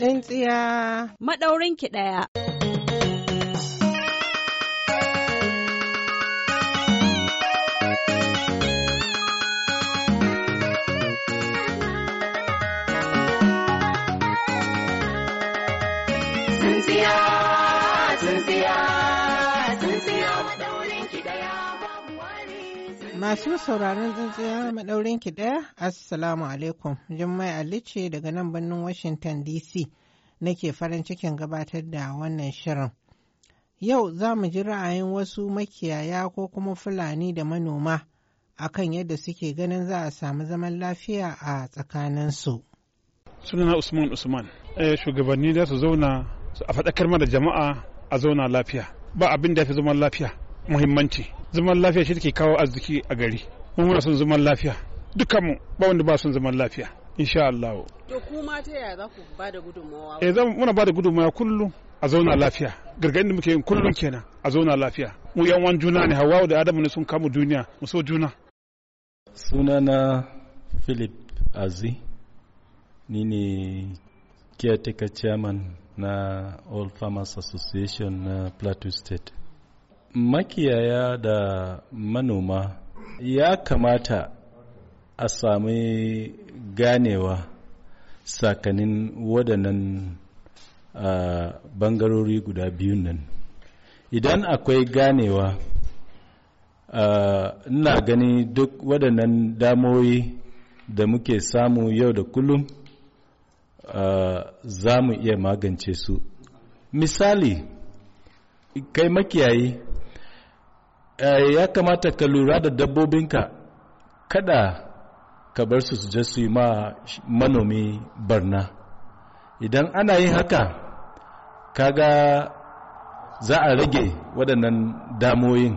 Ɗan tsiya. Maɗaurin ki ɗaya. Tsintsiya, tsintsiya, tsintsiya maɗaurin Masu sauraron tsintsiya maɗaurin ki ɗaya, Assalamu alaikum. Jummai Ali ce daga nan birnin Washington DC nake farin cikin gabatar da wannan shirin. Yau za mu ji ra'ayin wasu makiyaya ko kuma Fulani da manoma a kan yadda suke ganin za a samu zaman lafiya a tsakaninsu. Sunana Usman Usman, eh, shugabanni za su zauna a faɗakar mana jama'a a zauna lafiya. Ba abin da ya fi zaman lafiya muhimmanci. zaman lafiya shi take kawo arziki a gari mun muna son zaman lafiya dukkanmu ba wanda ba son zaman lafiya insha Allah to kuma ta yaya za ku ba da gudunmawa eh zamu muna ba da gudunmawa kullum a zauna lafiya gargadin da muke yin kullum kenan a zauna lafiya mu yan wan juna ne hawa da adamu ne sun kama duniya mu so juna sunana philip azi ni ne caretaker chairman na all farmers association na plateau state makiyaya da manoma ya kamata a sami ganewa sakanin waɗannan bangarori guda biyu nan idan akwai ganewa ina gani duk waɗannan damoyi da muke samu yau da kullum za mu iya magance su misali kai makiyayi Eh, ya kamata ka lura da dabbobinka kada ka bar su je su yi ma manomi barna idan ana yin haka kaga za a rage waɗannan damoyin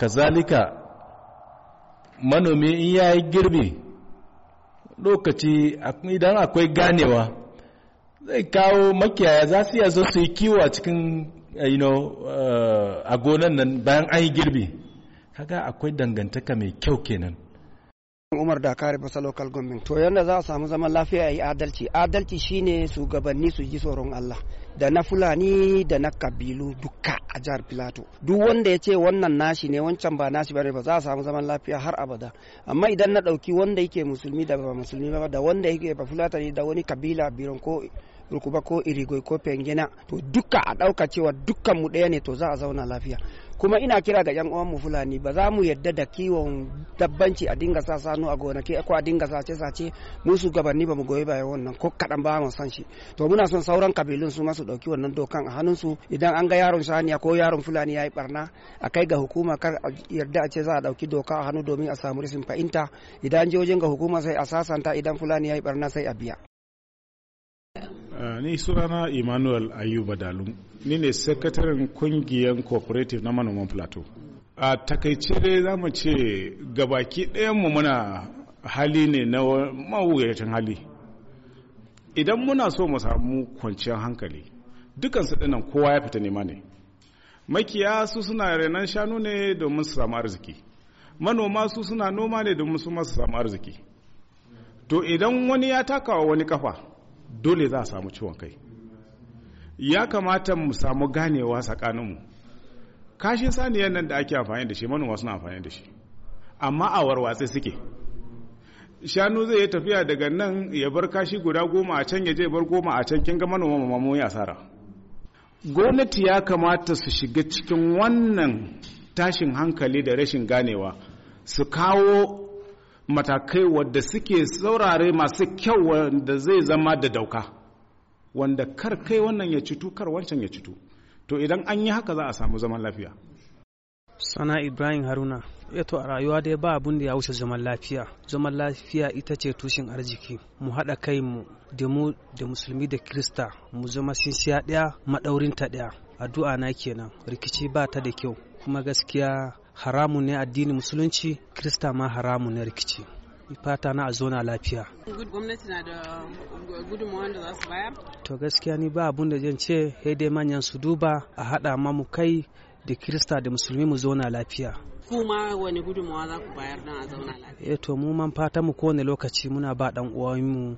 kazalika manomi in ya yi girbi lokaci idan akwai ganewa zai kawo makiyaya za su iya zo su yi kiwo a cikin Eh, you eh, a gonan nan bayan an yi girbi kaga akwai dangantaka mai kyau kenan umar da kare basa local government to yadda za a samu zaman lafiya ya yi adalci adalci shine shugabanni su ji tsoron allah da na fulani da na kabilu duka a jihar Filato duk wanda ya ce wannan nashi ne wancan ba nashi bane ba za a samu zaman lafiya har abada amma idan na dauki wanda yake musulmi da ba musulmi ba da wanda yake ba Fulatani da wani kabila biron ko rukuba ko irigoi ko pengena to duka a dauka cewa dukkan mu ɗaya ne to za a zauna lafiya kuma ina kira ga yan uwan mu fulani ba za mu yadda da kiwon dabbanci a dinga sa sanu a gonaki ko a dinga sace sace mu gabanni ba mu goyi bayan wannan ko kadan ba mu san shi to muna son sauran kabilun su ma su dauki wannan dokan a hannun su idan an ga yaron shaniya ko ko yaron fulani ya yi barna a kai ga hukuma kar a yarda a ce za a ɗauki doka a hannu domin a samu rashin fahimta idan je wajen ga hukuma sai a sasanta idan fulani ya yi barna sai a biya. Eh, ni sunana emmanuel ayuba dalu ni ne sakataren kungiyar cooperative na manoman plateau a takaice dai za mu ce gabaki ɗayanmu muna hali ne na mawuyacin hali idan muna so mu samu kwanciyar hankali dukansu ɗinan kowa ya fita nema ne makiya su suna renon shanu ne domin su samu arziki manoma su suna noma ne domin su masu samu arziki to idan wani ya takawa wani kafa dole za a samu ciwon kai ya kamata mu samu ganewa tsakaninmu kashin saniyan nan da ake amfani da shi manoma suna amfani da shi amma a warwatse suke shanu zai yi tafiya daga nan ya bar kashi guda goma a can ya je bar goma a can kin ga manoma mamu ya asara gwamnati ya kamata su shiga cikin wannan tashin hankali da rashin ganewa su kawo matakai wadda suke saurare masu kyau wanda zai zama da dauka wanda kar kai wannan ya cutu kar wancan ya cutu to idan an yi haka za a samu zaman lafiya sana ibrahim haruna eto a rayuwa dai ba abun da ya wuce zaman lafiya zaman lafiya ita ce tushen arziki mu haɗa kai mu da mu da musulmi da krista mu zama sinsiya ɗaya ta ɗaya addu'a na kenan rikici ba ta da kyau kuma gaskiya haramu ne addini musulunci krista ma haramu ne rikici fata na a zona lafiya. gwamnati na da da za su bayar? To gaskiya ni ba abun da zan ce dai manyan su duba a haɗa mamu kai da kirista da musulmi mu zauna lafiya kuma wani gudunmawa za ku bayar don a zauna lafiya eh to mu man fata mu kowane lokaci muna ba dan uwanmu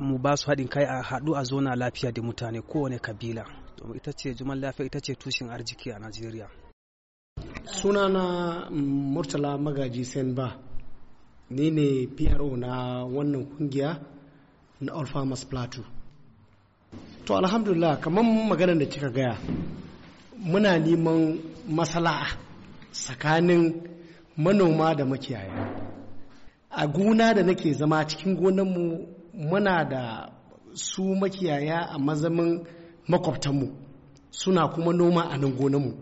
mu ba su haɗin kai a haɗu a zauna lafiya da mutane kowane kabila ita ce juman lafiya ita ce tushen arziki a najeriya sunana murtala magaji sen ba ni ne pro na wannan kungiya na alfamas plateau to alhamdulillah kamar maganar da kika gaya muna neman masala'a tsakanin manoma da makiyaya a gona da nake zama cikin gonanmu muna da su makiyaya a mazamin makwabtanmu suna kuma noma a nan gonanmu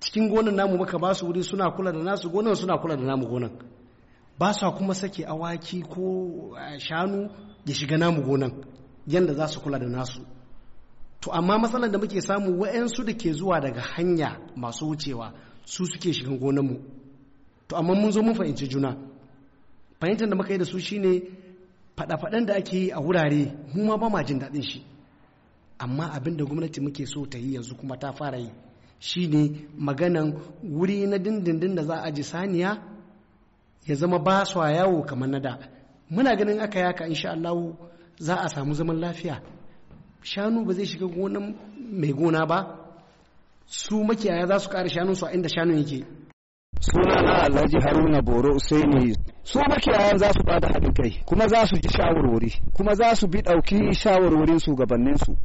cikin gonan namu maka ba su wuri suna kula da nasu gonan suna kula da namu gonan ba su kuma sake awaki ko eh, shanu ya shiga namu gonan yadda za su kula da nasu to amma matsalar da muke samu wa'yansu da ke zuwa daga hanya masu wucewa su suke shigan gonanmu to amma mun zo mun fahimci juna fahimtar da muka yi da su shine faɗa-faɗan da ake yi a wurare mu ma ba ma jin daɗin shi amma abin da gwamnati muke so ta yi yanzu kuma ta fara yi shine maganan wuri na dindindin da za a ji saniya ya zama ba su yawo kamar na da muna ganin aka yaka insha Allah za a samu zaman lafiya shanu ba zai shiga gonan mai gona ba su makiyaya za su kare su a inda shanun yake suna na alhaji haruna boro usaini su makiyayan za su bada haɗin kai kuma za su ji shawarwari kuma za su bi ɗauki shawarwarin su su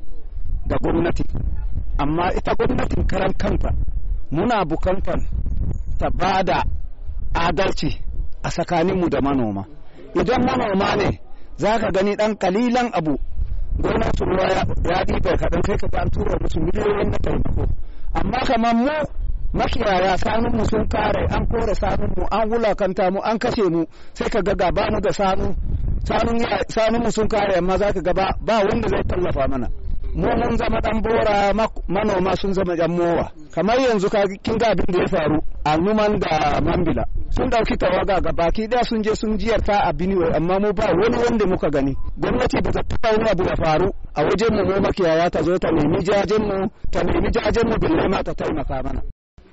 da gwamnati amma ita gwamnatin karan kanta muna bukantar ta ba da adalci a tsakaninmu da manoma idan manoma ne za ka gani ɗan ƙalilan abu gwamnan su ruwa ya ɗiba kaɗan kai ka an tura musu miliyoyin na taimako amma kamar mu makiyaya sanun mu sun kare an kore sanun an wulakanta mu an kashe mu sai ka ga ba mu da sanu sun kare amma za ka gaba ba wanda zai tallafa mana mu mun zama dan bora manoma sun zama dan mowa kamar yanzu ka kin ga abin da ya faru a numan da mambila sun dauki tawaga ga baki da sun je sun jiyarta a biniwe amma mu ba wani wanda muka gani gwamnati ba ta fara wani abu ya faru a wajen mu makiyaya ta zo ta nemi jajen mu ta nemi jajen mu da ma ta taimaka mana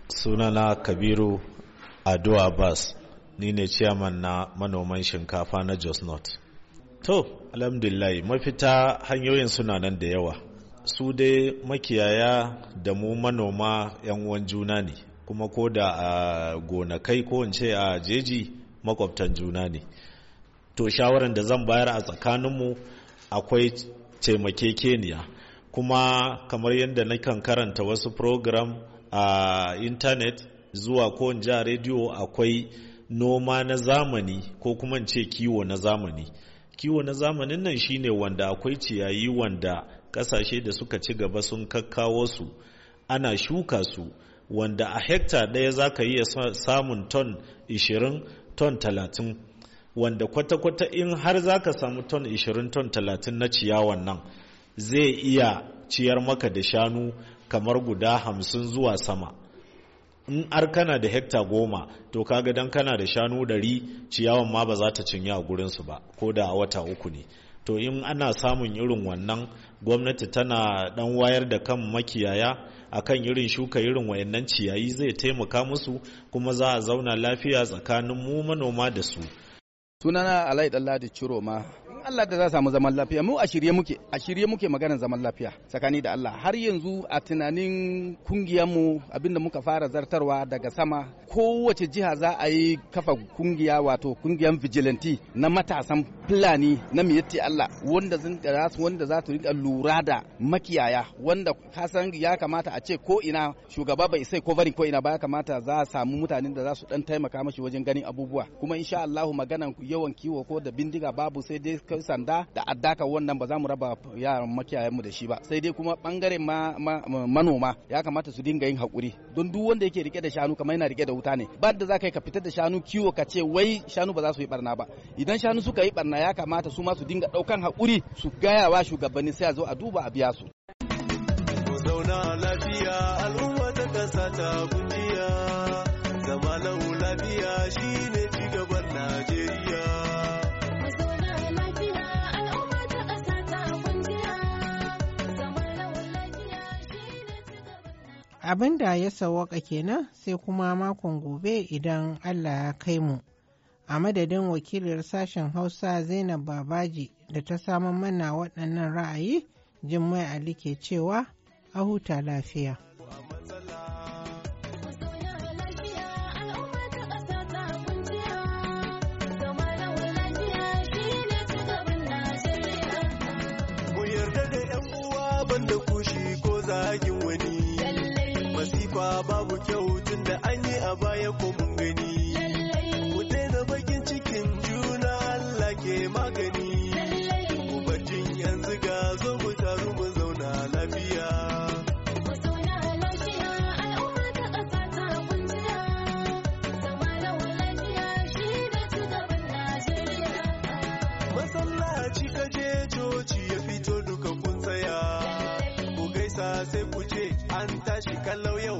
sunana kabiru ado bas ni ne ciyaman na manoman shinkafa na jos north to alhamdulillah mafita hanyoyin suna nan da yawa su dai makiyaya da mu manoma 'yan uwan juna ne kuma ko da a gonakai ko in ce a jeji makwabtan juna ne to shawaran da zan bayar a tsakaninmu akwai taimakekeniya kuma kamar yadda na kan karanta wasu program a intanet zuwa ko in ja rediyo akwai noma na zamani ko kuma in ce kiwo na zamani kiwo na zamanin nan shine wanda akwai ciyayi wanda kasashe da suka ci gaba sun kakkawo su ana shuka su wanda a hekta ɗaya za ka iya samun ton 20 ton 30 wanda kwata-kwata in har za ka samu ton 20 ton 30 na ciyawan nan zai iya ciyar maka da shanu kamar guda 50 zuwa sama in ar kana da hekta goma to kaga dan kana da shanu ɗari ciyawan ma ba za ta cinye a gurinsu ba ko da wata uku ne to in ana samun irin wannan gwamnati tana dan wayar da kan makiyaya akan irin shuka irin wayannan ciyayi zai taimaka musu kuma za a zauna lafiya tsakanin mu manoma da su sunana alai dan ladi ciroma Allah da za samu zaman lafiya mu a shirye muke a shirye muke maganar zaman lafiya tsakani da Allah har yanzu a tunanin kungiyar mu abinda muka fara zartarwa daga sama kowace jiha za a yi kafa kungiya wato kungiyar vigilante na matasan fulani na miyatti Allah wanda zan wanda za su rika lura da makiyaya wanda kasan ya kamata a ce ko ina shugaba bai sai ko ko ina ba ya kamata za a samu mutanen da za su dan taimaka mashi wajen ganin abubuwa kuma insha Allah maganan yawan kiwo ko da bindiga babu sai dai ka sanda da addaka wannan ba za mu raba yaran makiyayanmu da shi ba sai dai kuma bangaren manoma ya kamata su dinga yin hakuri don duk wanda yake rike da shanu kamar yana rike da wuta ne ba da za ka yi ka fitar da shanu kiwo ka ce wai shanu ba za su yi barna ba idan shanu suka yi barna ya kamata su ma su dinga daukan hakuri su gayawa shugabanni sai a zo a duba a biya su. Zauna lafiya al'umma ta kasa ta abin da ya sawaka kenan sai kuma makon gobe idan Allah ya kai mu. A madadin Wakilin sashen Hausa Zainab Babaji da ta samun mana waɗannan ra'ayi, Jummai Ali ke cewa, a huta lafiya. kyau tun da an yi a baya ko mun gani ku daina bakin cikin juna Allah ke magani ku yanzu ga zo taru mu zauna lafiya Masallaci ya fito duka ku gaisa sai ku ce an tashi kallau yau